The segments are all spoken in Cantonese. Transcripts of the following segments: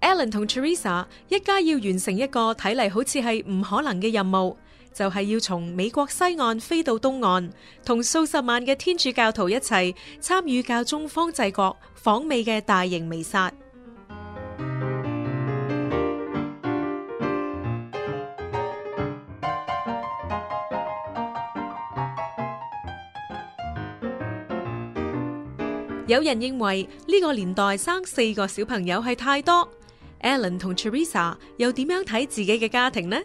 Alan 同 Teresa 一家要完成一個睇嚟好似係唔可能嘅任務，就係要從美國西岸飛到東岸，同數十萬嘅天主教徒一齊參與教宗方濟各訪美嘅大型彌撒。有人認為呢個年代生四個小朋友係太多。Alan 同 Teresa 又點樣睇自己嘅家庭呢？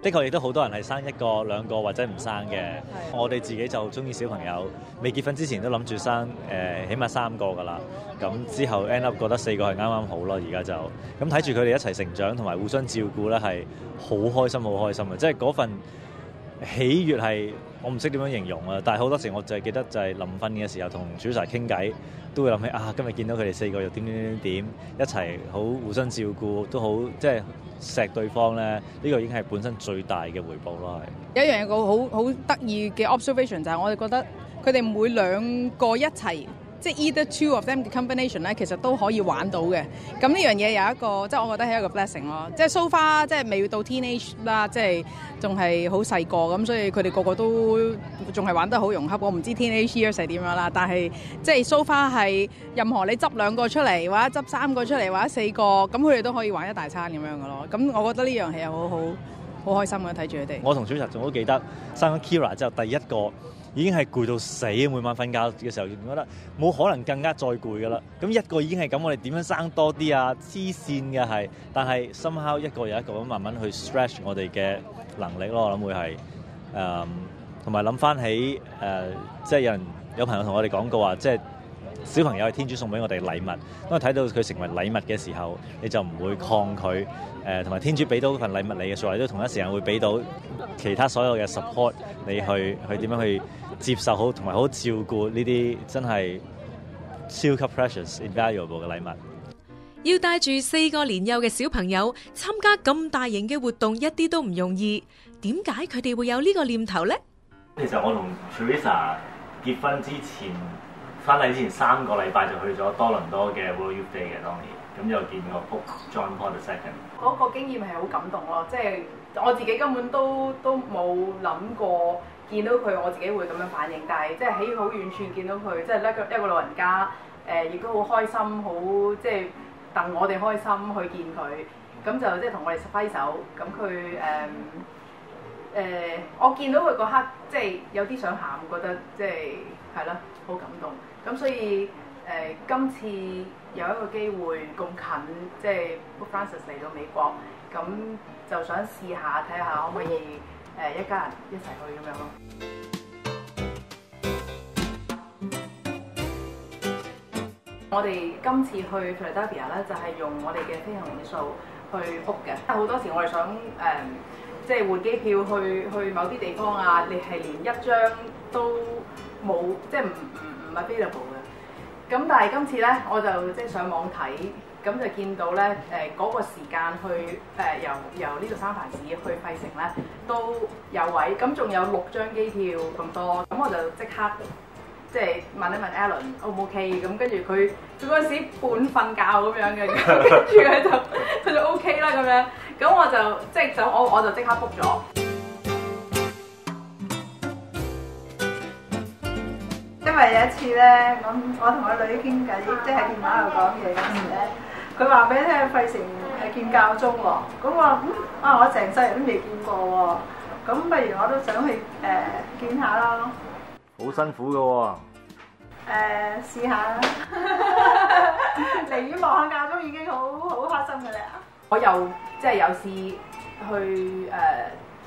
的確亦都好多人係生一個、兩個或者唔生嘅。我哋自己就中意小朋友，未結婚之前都諗住生誒、呃，起碼三個噶啦。咁之後 end up 覺得四個係啱啱好咯。而家就咁睇住佢哋一齊成長，同埋互相照顧咧，係好開心、好開心嘅。即係嗰份喜悅係。我唔識點樣形容啊！但係好多時我就係記得就係臨訓練嘅時候同主曬傾偈，都會諗起啊！今日見到佢哋四個又點點點點一齊好互相照顧，都好即係錫對方咧。呢、呢個已經係本身最大嘅回報咯，係。有一樣個好好得意嘅 observation 就係我哋覺得佢哋每兩個一齊，即係 either two of them 嘅 combination 咧，其實都可以玩到嘅。咁呢樣嘢有一個，即係我覺得係一個 blessing 咯。即係 so far，即係未到 teenage 啦，即係仲係好細個咁，所以佢哋個個都仲係玩得好融洽。我唔知 teenage years 係點樣啦，但係即係 so far 係任何你執兩個出嚟，或者執三個出嚟，或者四個，咁佢哋都可以玩一大餐咁樣嘅咯。咁我覺得呢樣係好好好開心嘅，睇住佢哋。我同小侄仲好記得生咗 Kira 之後第一個。已經係攰到死，每晚瞓覺嘅時候仲覺得冇可能更加再攰㗎喇。咁一個已經係咁，我哋點樣生多啲啊？黐線嘅係，但係 somehow 一個又一個咁慢慢去 stretch 我哋嘅能力咯。我諗會係誒，同埋諗翻起誒、呃，即係有人有朋友同我哋講過話，即係。小朋友係天主送俾我哋嘅禮物，當睇到佢成為禮物嘅時候，你就唔會抗拒。誒、呃，同埋天主俾到份禮物你嘅，所以都同一時間會俾到其他所有嘅 support 你去去點樣去接受好，同埋好照顧呢啲真係超級 precious、invaluable 嘅禮物。要帶住四個年幼嘅小朋友參加咁大型嘅活動，一啲都唔容易。點解佢哋會有呢個念頭呢？其實我同 Trisha 結婚之前。翻嚟之前三個禮拜就去咗多倫多嘅 World Youth Day 嘅，當年咁又見個 Pope John Paul Second。嗰、那個經驗係好感動咯，即、就、係、是、我自己根本都都冇諗過見到佢，我自己會咁樣反應。但係即係喺好遠處見到佢，即係一個一個老人家，誒、呃、亦都好開心，好即係等我哋開心去見佢，咁就即係同我哋揮手。咁佢誒誒，我見到佢嗰刻即係、就是、有啲想喊，覺得即係係咯，好感動。咁所以誒、呃，今次有一個機會咁近，即係 Book Francis 嚟到美國，咁就想試下睇下可唔可以誒、呃、一家人一齊去咁樣咯、嗯。我哋今次去 Philadelphia 咧，就係用我哋嘅飛行數去 book 嘅。好多時我哋想誒，即係換機票去去某啲地方啊，你係連一張都冇，即係唔唔。唔係 available 嘅，咁但係今次咧，我就即係上網睇，咁就見到咧，誒、那、嗰個時間去誒、呃、由由呢度三藩市去費城咧都有位，咁仲有六張機票咁多，咁我就即刻即係、就是、問一問 Alan O 唔 OK？咁跟住佢佢嗰時半瞓覺咁樣嘅，咁跟住咧就佢就 OK 啦咁樣，咁我就即就，是、就我我就即刻 book 咗。因為有一次咧，就是、我我同我女傾偈，即係喺電話度講嘢嗰時咧，佢話俾你聽費城係見教宗喎，咁我話啊，我成世人都未見過喎，咁不如我都想去誒、呃、見下咯，好辛苦嘅喎、哦，誒、呃、試下啦，離遠望下教宗已經好好開心嘅咧，我又即係有試、就是、去誒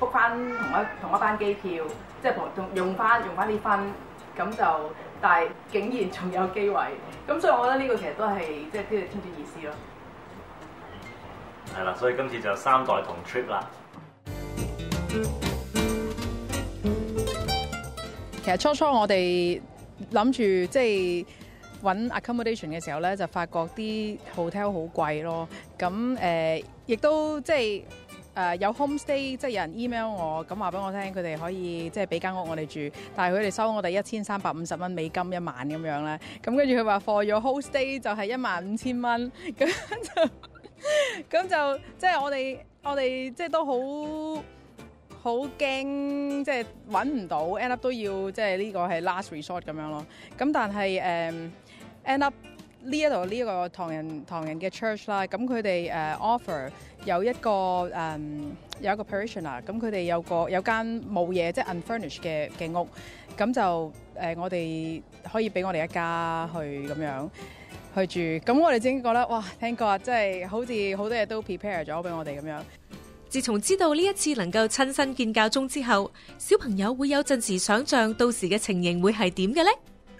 復翻同一同一班機票，即係同用用翻用翻啲分。咁就，但係竟然仲有機會，咁所以我覺得呢個其實都係即係啲啲意思咯。係啦，所以今次就三代同 trip 啦。其實初初我哋諗住即係揾 accommodation 嘅時候咧，就發覺啲 hotel 好貴咯。咁誒，亦、呃、都即係。就是誒、uh, 有 homestay 即係有人 email 我咁話俾我聽，佢哋可以即係俾間屋我哋住，但係佢哋收我哋一千三百五十蚊美金一晚咁樣咧。咁跟住佢話 for 咗 homestay 就係一萬五千蚊咁就咁 就即係我哋我哋即係都好好驚，即係揾唔到 end up 都要即係呢個係 last resort 咁樣咯。咁但係誒、um, end up。呢一度呢個唐人唐人嘅 church 啦，咁佢哋誒 offer 有一個誒有一個 parishioner，咁佢哋有個有間冇嘢即係 unfurnished 嘅嘅屋，咁就誒我哋可以俾我哋一家去咁樣去住，咁我哋先覺得哇，聽過即係好似好多嘢都 prepare 咗俾我哋咁樣。自從知道呢一次能夠親身見教宗之後，小朋友會有陣時想像到時嘅情形會係點嘅咧？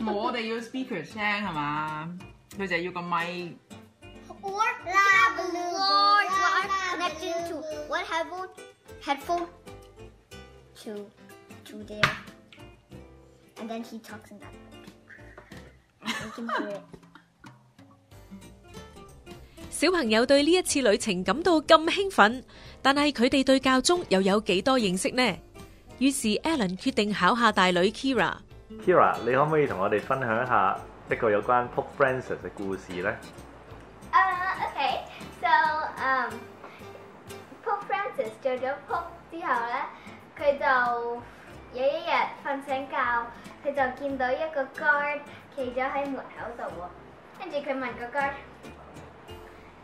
我哋要 speaker 聽係嘛，佢就係要個咪。小朋友對呢一次旅程感到咁興奮，但係佢哋對教宗又有幾多認識呢？於是 Alan 決定考下大女 Kira。Kira，你可唔可以同我哋分享一下一個有關 Pope Francis 嘅故事咧？啊，OK，so，um，Pope Francis 做咗 Pope 之後咧，佢就有一日瞓醒覺，佢就見到一個 guard 企咗喺門口度喎。跟住佢問個 guard：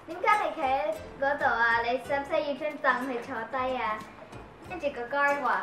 點解你企喺嗰度啊？你使唔使要張凳去坐低啊？跟住個 guard 話。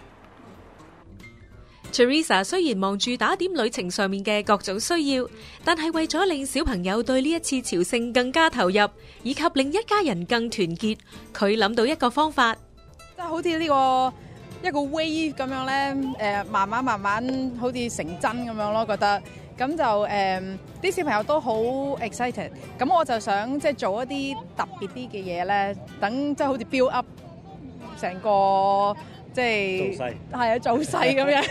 Teresa 雖然忙住打點旅程上面嘅各種需要但係為咗令小朋友對呢一次朝聖更加投入以及令一家人更團結，佢諗到一個方法，即係好似呢個一個 wave 咁樣呢，呃，慢慢慢慢好似成真咁樣囉。覺得咁就，呃，啲小朋友都好 excited，咁我就想，即係做一啲特別啲嘅嘢呢，等即係好似 build up 成個即係，做細，係啊，做細咁樣。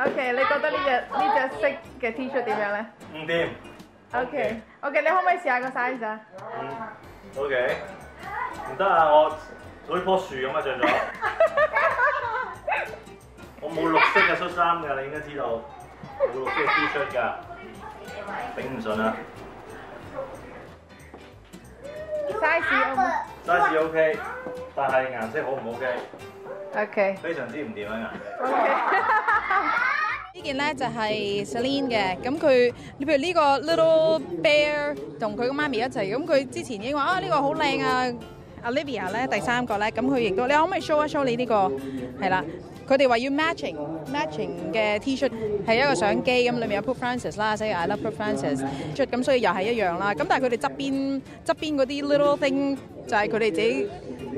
OK，你覺得呢隻呢隻色嘅 T 恤點樣咧？唔掂。OK，OK，你可唔可以試下個 size 啊？嗯，OK。唔得啊，我做一棵樹咁啊，長咗。我冇綠色嘅恤衫㗎，你應該知道。冇綠色嘅 T 恤㗎，頂唔順啊！size size OK，但係顏色好唔好 OK？OK，okay. 非常之唔掂啊顏色。OK，呢 件咧就係 Selene 嘅，咁佢，你譬如呢個 Little Bear 同佢個媽咪一齊，咁佢之前已經話啊呢個好靚啊。Olivia 咧，第三個咧，咁佢亦都，你可唔可以 show 一 show 你呢個係啦？佢哋話要 matching matching 嘅 T-shirt，係一個相機咁裏面有 Princess 啦，所以 I love Princess 出咁，所以又係一樣啦。咁但係佢哋側邊側邊嗰啲 little thing 就係佢哋自己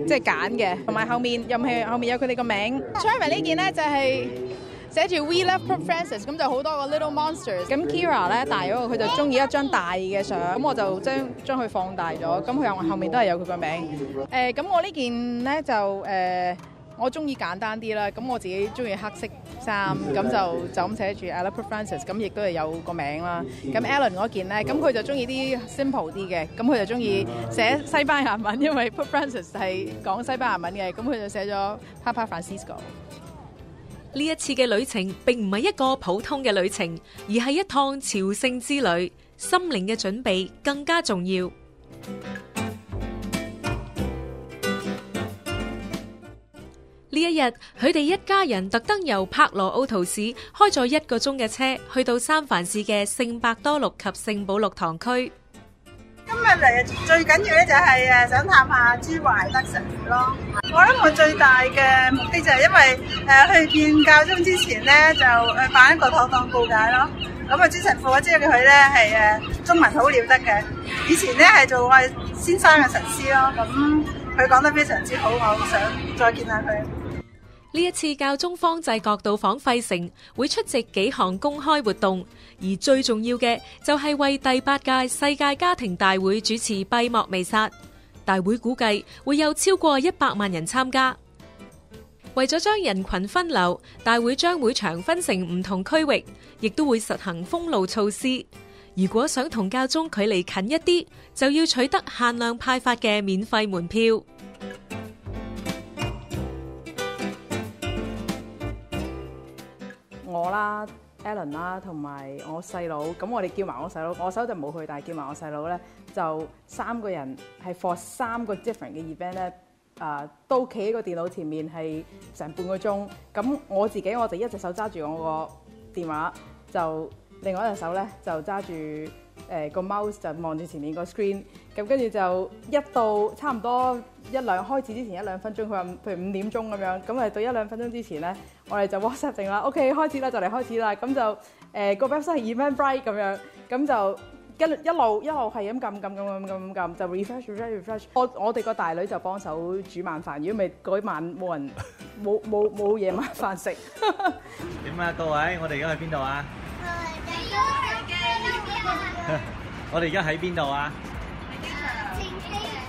即係揀嘅，同埋後面又唔係後面有佢哋個名字。Charlie 呢件咧就係、是。寫住 We Love Pope Francis 咁就好多個 Little Monsters。咁 Kira 咧大嗰個佢就中意一張大嘅相，咁我就將將佢放大咗，咁佢後後面都係有佢個名。誒、呃、咁我呢件呢件咧就誒、呃、我中意簡單啲啦，咁我自己中意黑色衫，咁就就咁寫住 We Love Pope Francis，咁亦都係有個名啦。咁 Alan 嗰件咧，咁佢就中意啲 simple 啲嘅，咁佢就中意寫西班牙文，因為 Pope Francis 係講西班牙文嘅，咁佢就寫咗 Papa Francisco。呢一次嘅旅程並唔係一個普通嘅旅程，而係一趟朝聖之旅。心靈嘅準備更加重要。呢 一日，佢哋一家人特登由柏羅奧圖市開咗一個鐘嘅車，去到三藩市嘅聖伯多祿及聖保祿堂區。今日嚟，最緊要咧，就係誒，想探下朱懷德神父咯。我諗我最大嘅目的就係因為誒，去見教宗之前咧，就辦一個妥當告解咯。咁啊朱神父我知道佢咧，係誒，中文好了得嘅。以前咧，係做我先生嘅神師咯。咁佢講得非常之好，我好想再見下佢。呢一次教宗方濟各到訪費城，會出席幾項公開活動，而最重要嘅就係為第八屆世界家庭大會主持閉幕彌撒。大會估計會有超過一百萬人參加。為咗將人群分流，大會將會場分成唔同區域，亦都會實行封路措施。如果想同教宗距離近一啲，就要取得限量派發嘅免費門票。我啦 Alan 啦，同埋我細佬，咁我哋叫埋我細佬，我手就冇去，但係叫埋我細佬咧，就三個人係 for 三個 different 嘅 event 咧，誒、呃，都企喺個電腦前面係成半個鐘，咁我自己我就一隻手揸住我個電話，就另外一隻手咧就揸住。誒個 mouse 就望住前面個 screen，咁跟住就一到差唔多一兩開始之前一兩分鐘，佢話譬如五點鐘咁樣，咁咪到一兩分鐘之前咧，我哋就 WhatsApp 定啦。OK，開始啦，就嚟開始啦。咁就誒個 brightness 係 eventbrite 咁樣，咁就跟一路一路係咁撳撳撳撳撳撳，就 refresh refresh refresh。我我哋個大女就幫手煮晚飯，如果唔係嗰晚冇人冇冇冇嘢晚飯食。點啊，各位，我哋而家去邊度啊？我哋而家喺邊度啊？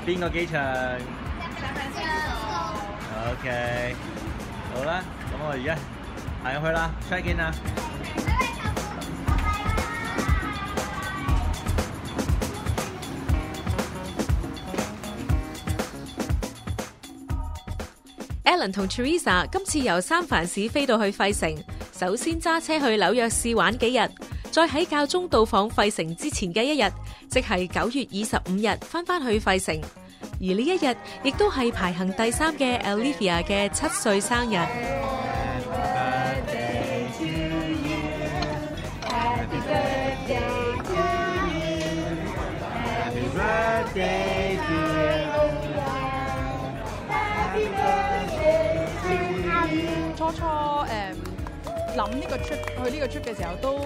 邊個機場？OK，好啦，咁我而家行入去啦，再見啦！Alan 同 Teresa 今次由三藩市飛到去費城，首先揸車去紐約市玩幾日。再喺教宗到訪費城之前嘅一日，即係九月二十五日，翻返去費城。而呢一日亦都係排行第三嘅 Olivia 嘅七歲生日。Happy birthday to you. Happy birthday to you. Happy birthday to you. Happy birthday to you. 初初誒諗呢個 trip 去呢個 trip 嘅時候都。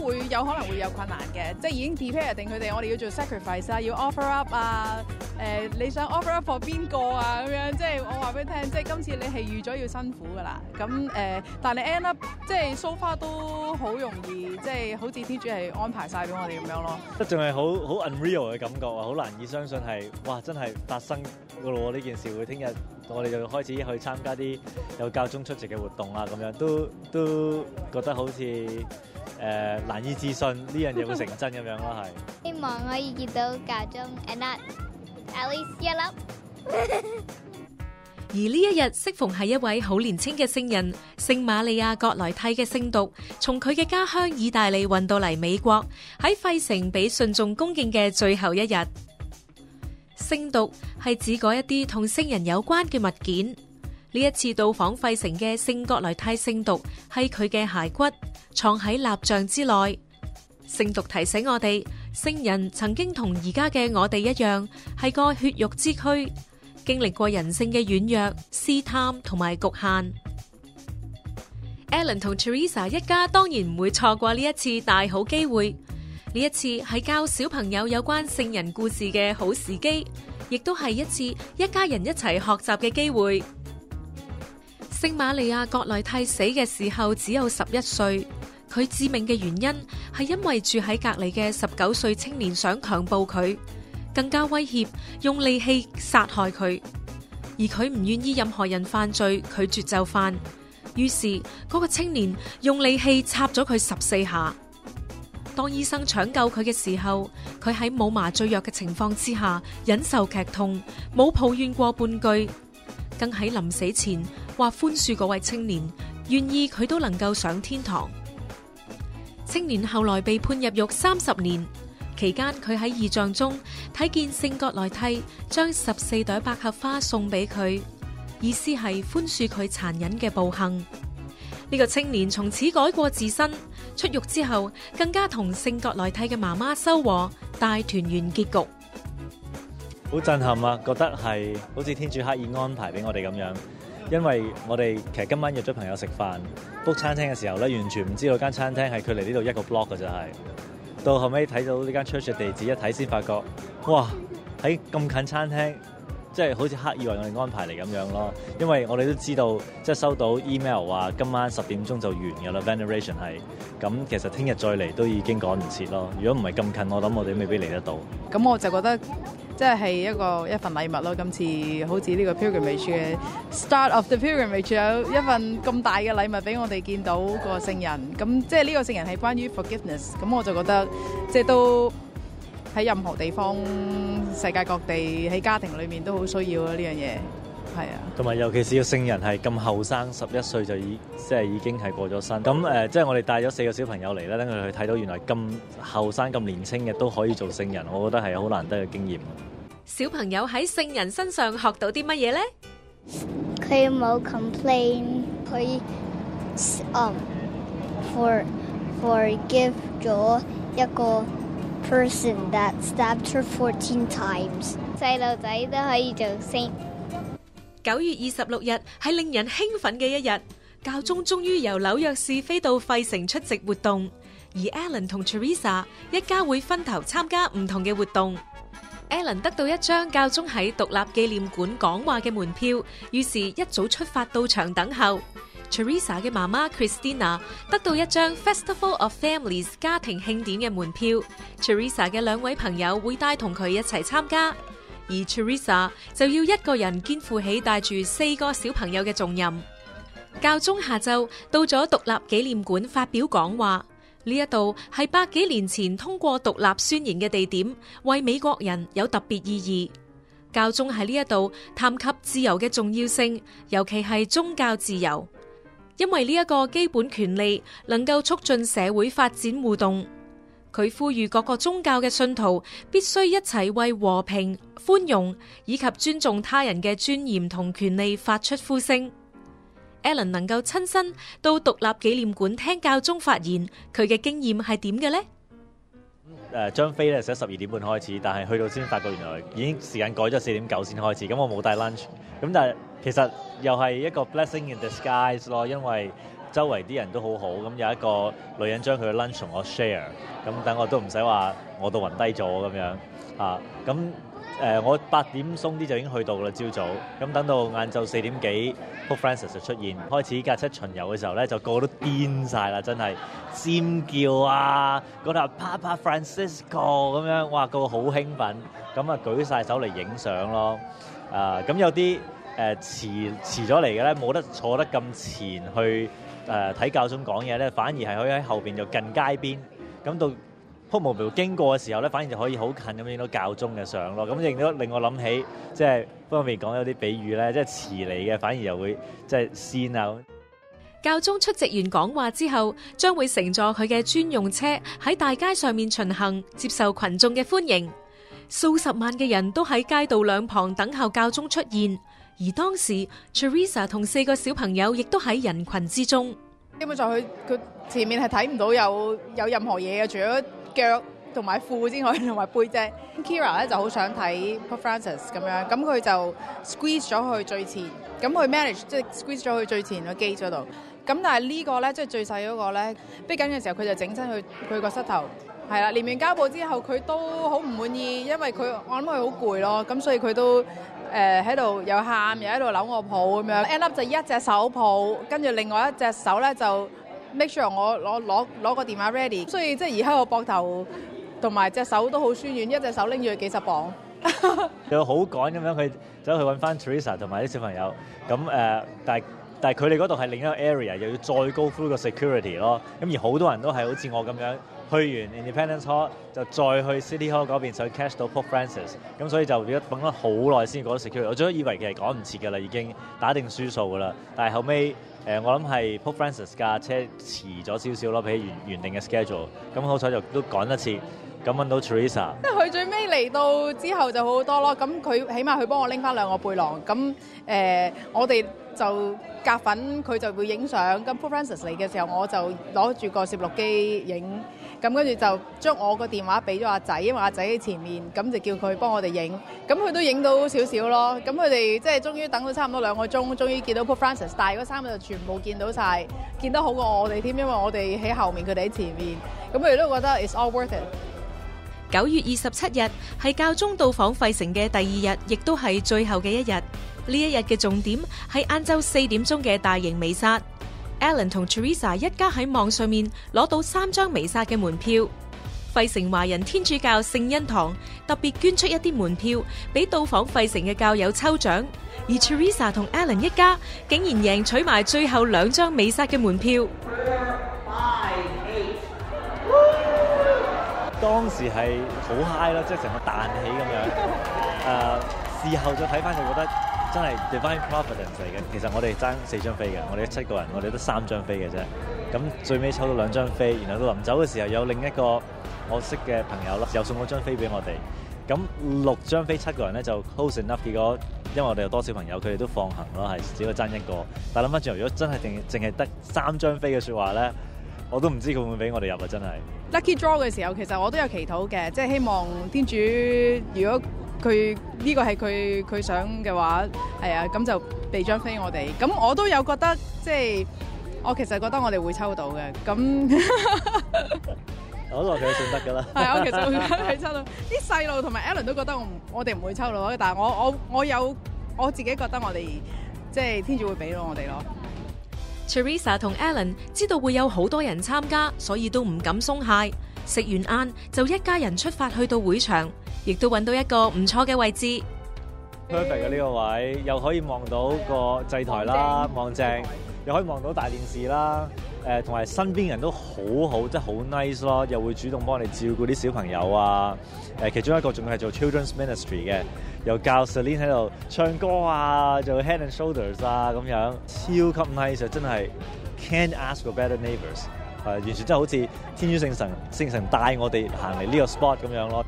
會有可能會有困難嘅，即係已經 depart 定佢哋，我哋要做 sacrifice 啊，要 offer up 啊，誒、呃、你想 offer up for 邊個啊？咁樣即係我話俾你聽，即係今次你係預咗要辛苦噶啦。咁誒，但係、呃、end up 即係、so far 都好容易，即係好似天主係安排晒俾我哋咁樣咯。即仲係好好 unreal 嘅感覺啊，好難以相信係哇，真係發生㗎喎呢件事，會聽日我哋就開始去參加啲有教宗出席嘅活動啊，咁樣都都覺得好似誒。呃難以置信，呢樣嘢會成真咁樣咯，係。希望可以見到教宗 Andat，At least you love。而呢一日，適逢係一位好年輕嘅聖人，聖瑪利亞·格萊蒂嘅聖讀，從佢嘅家鄉意大利運到嚟美國喺費城，俾信眾恭敬嘅最後一日。聖讀係指嗰一啲同聖人有關嘅物件。呢一次到訪費城嘅聖國萊泰聖毒，係佢嘅骸骨藏喺蠟像之內。聖毒提醒我哋，聖人曾經同而家嘅我哋一樣，係個血肉之軀，經歷過人性嘅軟弱、試探同埋局限。Alan 同 Teresa 一家當然唔會錯過呢一次大好機會。呢一次係教小朋友有關聖人故事嘅好時機，亦都係一次一家人一齊學習嘅機會。聖瑪利亞·格萊蒂死嘅時候只有十一歲，佢致命嘅原因係因為住喺隔籬嘅十九歲青年想強暴佢，更加威脅用利器殺害佢。而佢唔願意任何人犯罪，拒絕就犯。於是嗰個青年用利器插咗佢十四下。當醫生搶救佢嘅時候，佢喺冇麻醉藥嘅情況之下忍受劇痛，冇抱怨過半句，更喺臨死前。話寬恕嗰位青年，願意佢都能夠上天堂。青年後來被判入獄三十年，期間佢喺異象中睇見聖閣來替將十四朵百合花送俾佢，意思係寬恕佢殘忍嘅暴行。呢個青年從此改過自新，出獄之後更加同聖閣來替嘅媽媽收穫大團圓結局。好震撼啊！覺得係好似天主刻意安排俾我哋咁樣。因為我哋其實今晚約咗朋友食飯，book 餐廳嘅時候咧，完全唔知道間餐廳係距離呢度一個 block 嘅就係、是。到後尾睇到呢間 church 嘅地址，一睇先發覺，哇！喺咁近餐廳，即係好似刻意為我哋安排嚟咁樣咯。因為我哋都知道，即係收到 email 話今晚十點鐘就完㗎啦，veneration 係。咁其實聽日再嚟都已經趕唔切咯。如果唔係咁近，我諗我哋未必嚟得到。咁我就覺得。即係一個一份禮物咯，今次好似呢個 Pilgrimage 嘅 Start of the Pilgrimage 有一份咁大嘅禮物俾我哋見到個聖人，咁即係呢個聖人係關於 Forgiveness，咁我就覺得即係都喺任何地方世界各地喺家庭裏面都好需要咯呢樣嘢，係啊。同埋尤其是個聖人係咁後生，十一歲就已即係已經係過咗身，咁誒即係我哋帶咗四個小朋友嚟啦，等佢哋去睇到原來咁後生咁年輕嘅都可以做聖人，我覺得係好難得嘅經驗。小朋友喺聖人身上學到啲乜嘢呢？佢冇 complain，佢哦 forgive 咗一個 person that stabbed her fourteen times。細路仔都可以做聖。九月二十六日係令人興奮嘅一日，教宗終於由紐約市飛到費城出席活動，而 Alan 同 Teresa 一家會分頭參加唔同嘅活動。艾倫得到一張教宗喺獨立紀念館講話嘅門票，於是一早出發到場等候。Teresa 嘅媽媽 Christina 得到一張 Festival of Families 家庭慶典嘅門票，Teresa 嘅兩位朋友會帶同佢一齊參加，而 Teresa 就要一個人肩負起帶住四個小朋友嘅重任。教宗下晝到咗獨立紀念館發表講話。呢一度係百幾年前通過獨立宣言嘅地點，為美國人有特別意義。教宗喺呢一度探及自由嘅重要性，尤其係宗教自由，因為呢一個基本權利能夠促進社會發展互動。佢呼籲各個宗教嘅信徒必須一齊為和平、寬容以及尊重他人嘅尊嚴同權利發出呼聲。Alan 能夠親身到獨立紀念館聽教宗發言，佢嘅經驗係點嘅呢？誒，張飛咧，寫十二點半開始，但係去到先發覺原來已經時間改咗四點九先開始。咁我冇帶 lunch，咁但係其實又係一個 blessing in disguise 咯，因為周圍啲人都好好，咁有一個女人將佢嘅 lunch 同我 share，咁等我都唔使話，我都暈低咗咁樣啊，咁。誒我八點鬆啲就已經去到啦，朝早咁等到晏晝四點幾，Pope Francis 就出現，開始架車巡遊嘅時候咧，就個個都癲曬啦，真係尖叫啊！嗰度 Papa Francisco 咁樣，哇，個個好興奮，咁啊舉曬手嚟影相咯。啊，咁有啲誒遲遲咗嚟嘅咧，冇得坐得咁前去誒睇教宗講嘢咧，反而係可以喺後邊就近街邊，咁到。鋪路經過嘅時候咧，反而就可以好近咁影到教宗嘅相咯。咁亦都令我諗起，即係方面講有啲比喻咧，即係詞嚟嘅，反而又會即係鮮牛教宗出席完講話之後，將會乘坐佢嘅專用車喺大街上面巡行，接受群眾嘅歡迎。數十萬嘅人都喺街道兩旁等候教宗出現，而當時 Teresa 同四個小朋友亦都喺人群之中。基本上佢佢前面係睇唔到有有任何嘢嘅，除咗腳同埋褲先可以，同埋背脊。Kira 咧就好想睇 Pope Francis 咁樣，咁佢就 squeeze 咗去最前，咁佢 manage 即係 squeeze 咗去最前個 gate 嗰度。咁但係呢個咧即係最細嗰個咧，逼緊嘅時候佢就整親佢佢個膝頭，係啦。連完膠布之後佢都好唔滿意，因為佢我諗佢好攰咯，咁所以佢都誒喺度又喊又喺度扭我抱咁樣。Annie 就一隻手抱，跟住另外一隻手咧就。make sure 我攞攞攞個電話 ready，所以即係而家我膊頭同埋隻手都好酸軟，一隻手拎住幾十磅，又 好趕咁樣佢走去揾翻 Teresa 同埋啲小朋友，咁誒，但係但係佢哋嗰度係另一個 area，又要再高峯個 security 咯，咁而好多人都係好似我咁樣。去完 Independence Hall 就再去 City Hall 嗰邊，想 catch 到 Pope Francis，咁所以就要等咗好耐先過到 Security。我最初以為其實趕唔切㗎啦，已經打定輸數㗎啦。但係後尾誒我諗係 Pope Francis 架車遲咗少少咯，比起原原定嘅 schedule。咁好彩就都趕得切。咁問到 Theresa，即係佢最尾嚟到之後就好多咯。咁佢起碼佢幫我拎翻兩個背囊。咁誒我哋就夾粉，佢就會影相。咁 Pope Francis 嚟嘅時候，我就攞住個攝錄機影。咁跟住就將我個電話俾咗阿仔，因為阿仔喺前面，咁就叫佢幫我哋影。咁佢都影到少少咯。咁佢哋即係終於等到差唔多兩個鐘，終於見到 Pope Francis。但係嗰三個就全部見到晒，見得好過我哋添，因為我哋喺後面，佢哋喺前面。咁佢哋都覺得 it's all worth it。九月二十七日係教宗到訪費城嘅第二日，亦都係最後嘅一日。呢一日嘅重點係晏晝四點鐘嘅大型彌撒。Alan 同 Teresa 一家喺網上面攞到三張彌撒嘅門票，費城華人天主教聖恩堂特別捐出一啲門票俾到訪費城嘅教友抽獎，而 Teresa 同 Alan 一家竟然贏取埋最後兩張彌撒嘅門票。當時係好 high 囉，即係成個彈起咁樣。誒，事後再睇返，就覺得。真係 Divine Providence 嚟嘅。其實我哋爭四張飛嘅，我哋七個人，我哋得三張飛嘅啫。咁最尾抽到兩張飛，然後到臨走嘅時候，有另一個我識嘅朋友啦，又送咗張飛俾我哋。咁六張飛七個人咧就 hold 成 up，結果因為我哋有多少朋友，佢哋都放行囉，我係只係爭一個。但諗翻轉，如果真係淨淨係得三張飛嘅説話咧，我都唔知佢會唔會俾我哋入啊！真係 lucky draw 嘅時候，其實我都有祈禱嘅，即係希望天主如果。佢呢、這個係佢佢想嘅話，係啊，咁就俾張飛我哋。咁我都有覺得，即、就、係、是、我其實覺得我哋會抽到嘅。咁好耐話佢算得㗎啦。係啊，我其實我睇出啦，啲 細路同埋 Alan 都覺得我我哋唔會抽到，但係我我我有我自己覺得我哋即係天主會俾到我哋咯。Teresa 同 Alan 知道會有好多人參加，所以都唔敢鬆懈。食完晏就一家人出發去到會場。亦都揾到一個唔錯嘅位置，perfect 嘅呢個位置又可以望到個祭台啦，望正，正，正又可以望到大電視啦。誒、嗯，同埋身邊人都好好，即、嗯、係好 nice 咯。又會主動幫你照顧啲小朋友啊、嗯。其中一個仲係做 children's ministry 嘅、嗯，又教 Celine 喺度唱歌啊，做 Head and Shoulders 啊，咁、嗯、樣超級 nice，真係、嗯、can't ask for better neighbors、嗯嗯、完全真係好似天主聖神、嗯、聖神帶我哋行嚟呢個 spot 咁、嗯、樣咯。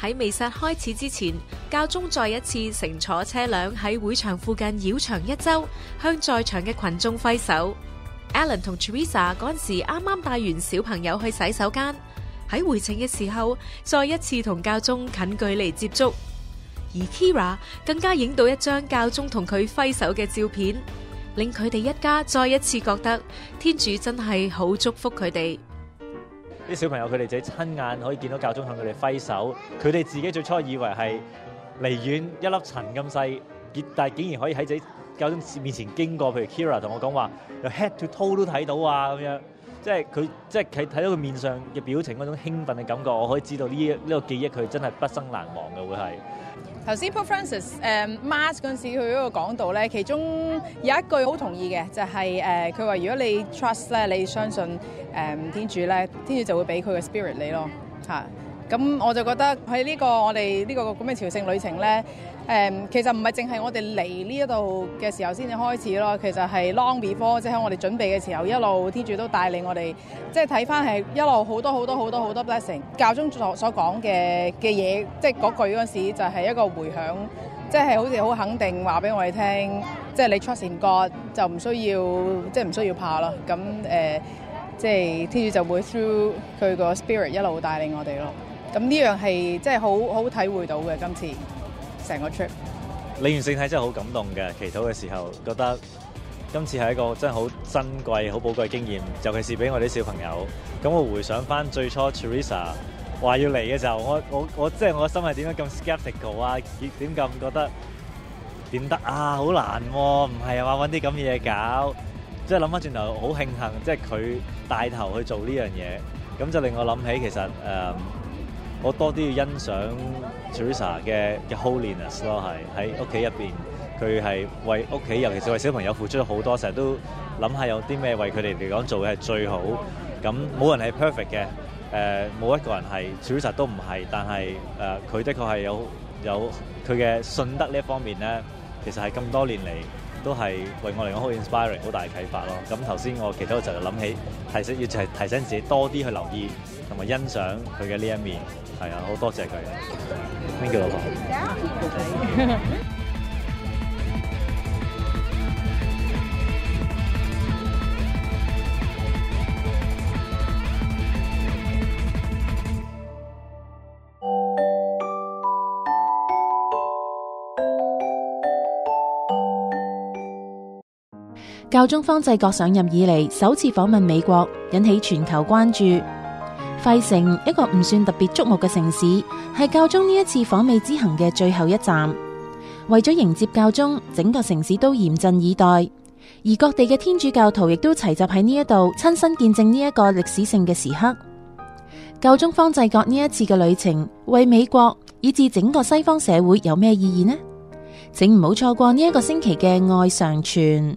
喺彌撒開始之前，教宗再一次乘坐車輛喺會場附近繞場一周，向在場嘅群眾揮手。Alan 同 Teresa 嗰陣時啱啱帶完小朋友去洗手間，喺回程嘅時候，再一次同教宗近距離接觸。而 Kira 更加影到一張教宗同佢揮手嘅照片，令佢哋一家再一次覺得天主真係好祝福佢哋。啲小朋友佢哋自己親眼可以見到教宗向佢哋揮手，佢哋自己最初以為係離遠一粒塵咁細，但係竟然可以喺自己教宗面前經過。譬如 Kira 同我講話，由 head to toe 都睇到啊，咁樣，即係佢即係睇睇到佢面上嘅表情嗰種興奮嘅感覺，我可以知道呢呢個記憶佢真係畢生難忘嘅會係。頭先 St. Francis 誒、um, Mass 嗰陣時，佢嗰個講到咧，其中有一句好同意嘅，就係誒佢話：呃、如果你 trust 咧，你相信誒、嗯、天主咧，天主就會俾佢嘅 spirit 你咯嚇。咁我就覺得喺呢、這個我哋呢、這個咁嘅、這個、朝聖旅程咧。誒，um，其實唔係淨係我哋嚟呢一度嘅時候先至開始咯。其實係 long before，即係我哋準備嘅時候，一路天主都帶領我哋，即係睇翻係一路好多好多好多好多 blessing。教宗所講嘅嘅嘢，即係嗰句嗰時就係一個迴響，即係好似好肯定話俾我哋聽，即係你出善覺就唔需要，即係唔需要怕咯。咁誒，即係天主就會 through 佢個 spirit 一路帶領我哋咯。咁呢樣係即係好好體會到嘅今次。成個 trip，李完成睇真係好感動嘅。祈禱嘅時候，覺得今次係一個真係好珍貴、好寶貴經驗，尤其是俾我啲小朋友。咁我回想翻最初 Teresa 話要嚟嘅時候，我我我即係我心係點解咁 skeptical 啊？點點咁覺得點得啊？好難，唔係啊嘛，話揾啲咁嘢搞。即係諗翻轉頭，好慶幸，即係佢帶頭去做呢樣嘢。咁就令我諗起其實誒。我多啲要欣賞 Teresa 嘅嘅 holiness 咯，係喺屋企入邊，佢係為屋企，尤其是為小朋友付出咗好多，成日都諗下有啲咩為佢哋嚟講做嘅係最好。咁冇人係 perfect 嘅，誒、呃、冇一個人係 Teresa 都唔係，但係誒佢的確係有有佢嘅順德呢一方面咧，其實係咁多年嚟都係為我嚟講好 inspiring，好大啟發咯。咁頭先我其他就諗起提醒要就係提醒自己多啲去留意同埋欣賞佢嘅呢一面。係啊，好多謝佢。Thank you，老婆 教宗方濟各上任以嚟首次訪問美國，引起全球關注。費城一個唔算特別矚目嘅城市，係教宗呢一次訪美之行嘅最後一站。為咗迎接教宗，整個城市都嚴陣以待，而各地嘅天主教徒亦都齊集喺呢一度，親身見證呢一個歷史性嘅時刻。教宗方濟各呢一次嘅旅程，為美國以至整個西方社會有咩意義呢？請唔好錯過呢一個星期嘅愛常傳。